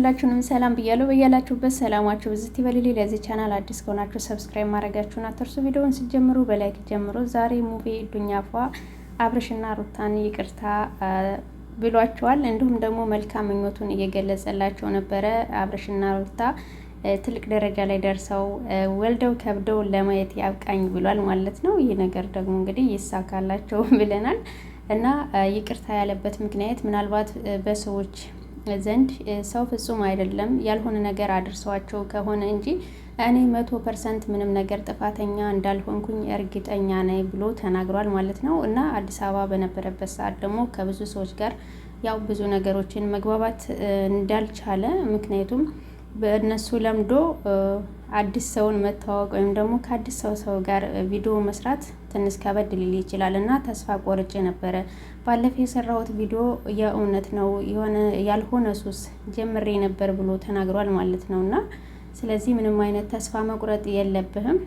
ሁላችሁንም ሰላም ብያለሁ። በያላችሁበት ሰላማችሁ ብዝት ይበልል። ለዚህ ቻናል አዲስ ከሆናችሁ ሰብስክራይብ ማድረጋችሁን አትርሱ። ቪዲዮውን ስትጀምሩ በላይክ ጀምሩ። ዛሬ ሙቪ ዱኛ ፏ አብርሽና ሩታን ይቅርታ ብሏቸዋል። እንዲሁም ደግሞ መልካም ምኞቱን እየገለጸላቸው ነበረ። አብርሽና ሩታ ትልቅ ደረጃ ላይ ደርሰው ወልደው ከብደው ለማየት ያብቃኝ ብሏል ማለት ነው። ይህ ነገር ደግሞ እንግዲህ ይሳካላቸው ብለናል እና ይቅርታ ያለበት ምክንያት ምናልባት በሰዎች ዘንድ ሰው ፍጹም አይደለም። ያልሆነ ነገር አድርሰዋቸው ከሆነ እንጂ እኔ መቶ ፐርሰንት ምንም ነገር ጥፋተኛ እንዳልሆንኩኝ እርግጠኛ ነኝ ብሎ ተናግሯል ማለት ነው። እና አዲስ አበባ በነበረበት ሰዓት ደግሞ ከብዙ ሰዎች ጋር ያው ብዙ ነገሮችን መግባባት እንዳልቻለ ምክንያቱም በእነሱ ለምዶ አዲስ ሰውን መተዋወቅ ወይም ደግሞ ከአዲስ ሰው ሰው ጋር ቪዲዮ መስራት ትንሽ ከበድ ሊል ይችላል እና ተስፋ ቆርጬ ነበረ። ባለፈው የሰራሁት ቪዲዮ የእውነት ነው የሆነ ያልሆነ ሱስ ጀምሬ ነበር ብሎ ተናግሯል ማለት ነው እና ስለዚህ ምንም አይነት ተስፋ መቁረጥ የለብህም።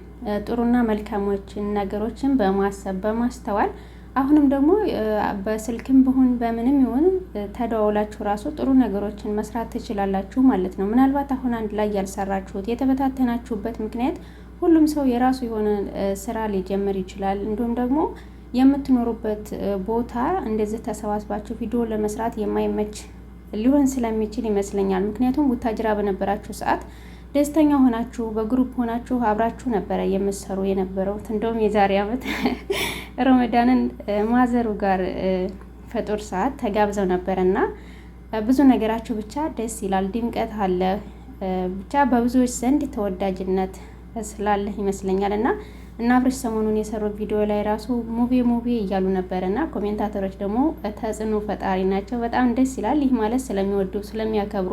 ጥሩና መልካሞችን ነገሮችን በማሰብ በማስተዋል አሁንም ደግሞ በስልክም ቢሆን በምንም ይሁን ተደዋውላችሁ ራሱ ጥሩ ነገሮችን መስራት ትችላላችሁ ማለት ነው። ምናልባት አሁን አንድ ላይ ያልሰራችሁት የተበታተናችሁበት ምክንያት ሁሉም ሰው የራሱ የሆነ ስራ ሊጀምር ይችላል። እንዲሁም ደግሞ የምትኖሩበት ቦታ እንደዚህ ተሰባስባችሁ ቪዲዮ ለመስራት የማይመች ሊሆን ስለሚችል ይመስለኛል። ምክንያቱም ቡታጅራ በነበራችሁ ሰዓት ደስተኛ ሆናችሁ በግሩፕ ሆናችሁ አብራችሁ ነበረ የምትሰሩ የነበረው እንደውም የዛሬ አመት። ረመዳንን ማዘሩ ጋር ፈጦር ሰዓት ተጋብዘው ነበረ እና ብዙ ነገራችሁ ብቻ ደስ ይላል፣ ድምቀት አለ ብቻ በብዙዎች ዘንድ ተወዳጅነት ስላለህ ይመስለኛል እና እና አብርሽ ሰሞኑን የሰሩት ቪዲዮ ላይ ራሱ ሙቪ ሙቪ እያሉ ነበረ እና ኮሜንታተሮች ደግሞ ተጽዕኖ ፈጣሪ ናቸው። በጣም ደስ ይላል። ይህ ማለት ስለሚወዱ ስለሚያከብሩ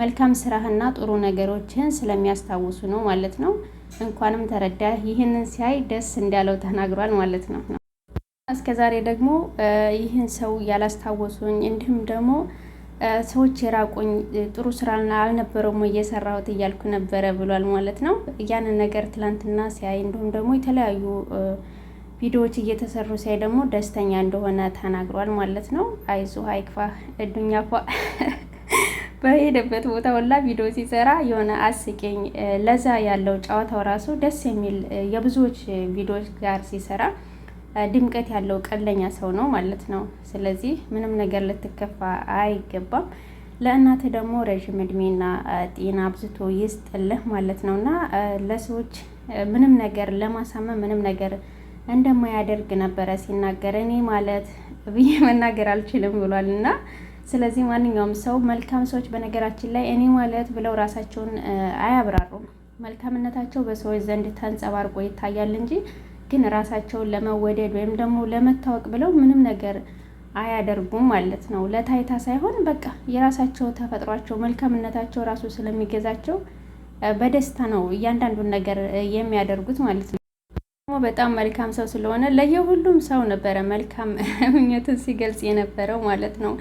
መልካም ስራህና ጥሩ ነገሮችን ስለሚያስታውሱ ነው ማለት ነው። እንኳንም ተረዳ። ይህንን ሲያይ ደስ እንዳለው ተናግሯል ማለት ነው። እስከ ዛሬ ደግሞ ይህን ሰው ያላስታወሱኝ እንዲሁም ደግሞ ሰዎች የራቁኝ ጥሩ ስራ አልነበረውም እየሰራሁት እያልኩ ነበረ ብሏል ማለት ነው። ያንን ነገር ትላንትና ሲያይ እንዲሁም ደግሞ የተለያዩ ቪዲዮዎች እየተሰሩ ሲያይ ደግሞ ደስተኛ እንደሆነ ተናግሯል ማለት ነው። አይዞህ አይክፋህ እዱኛ ኳ በሄደበት ቦታ ሁላ ቪዲዮ ሲሰራ የሆነ አስቂኝ ለዛ ያለው ጨዋታው ራሱ ደስ የሚል የብዙዎች ቪዲዮዎች ጋር ሲሰራ ድምቀት ያለው ቀለኛ ሰው ነው ማለት ነው። ስለዚህ ምንም ነገር ልትከፋ አይገባም። ለእናት ደግሞ ረዥም እድሜና ጤና አብዝቶ ይስጥልህ ማለት ነው እና ለሰዎች ምንም ነገር ለማሳመን ምንም ነገር እንደማያደርግ ነበረ ሲናገር እኔ ማለት ብዬ መናገር አልችልም ብሏል እና ስለዚህ ማንኛውም ሰው መልካም ሰዎች በነገራችን ላይ እኔ ማለት ብለው ራሳቸውን አያብራሩም። መልካምነታቸው በሰዎች ዘንድ ተንጸባርቆ ይታያል እንጂ ግን ራሳቸውን ለመወደድ ወይም ደግሞ ለመታወቅ ብለው ምንም ነገር አያደርጉም ማለት ነው። ለታይታ ሳይሆን በቃ የራሳቸው ተፈጥሯቸው መልካምነታቸው ራሱ ስለሚገዛቸው በደስታ ነው እያንዳንዱን ነገር የሚያደርጉት ማለት ነው። በጣም መልካም ሰው ስለሆነ ለየሁሉም ሰው ነበረ መልካም ምኞትን ሲገልጽ የነበረው ማለት ነው።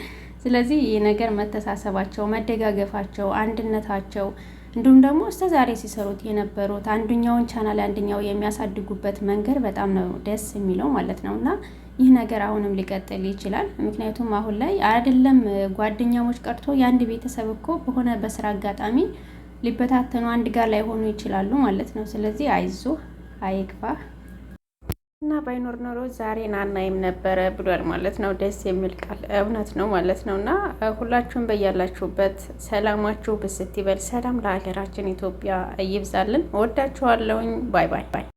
ስለዚህ ይህ ነገር መተሳሰባቸው፣ መደጋገፋቸው፣ አንድነታቸው እንዲሁም ደግሞ እስከ ዛሬ ሲሰሩት የነበሩት አንዱኛውን ቻናል አንድኛው የሚያሳድጉበት መንገድ በጣም ነው ደስ የሚለው ማለት ነው። እና ይህ ነገር አሁንም ሊቀጥል ይችላል። ምክንያቱም አሁን ላይ አይደለም ጓደኛሞች ቀርቶ የአንድ ቤተሰብ እኮ በሆነ በስራ አጋጣሚ ሊበታተኑ አንድ ጋር ላይ ሆኑ ይችላሉ ማለት ነው። ስለዚህ አይዞህ አይግባህ። እና ባይኖር ኖሮ ዛሬ ናናይም ነበረ ብሏል ማለት ነው። ደስ የሚል ቃል እውነት ነው ማለት ነው። እና ሁላችሁም በያላችሁበት ሰላማችሁ ብስት ይበል። ሰላም ለሀገራችን ኢትዮጵያ ይብዛልን። ወዳችኋለሁኝ። ባይ ባይ ባይ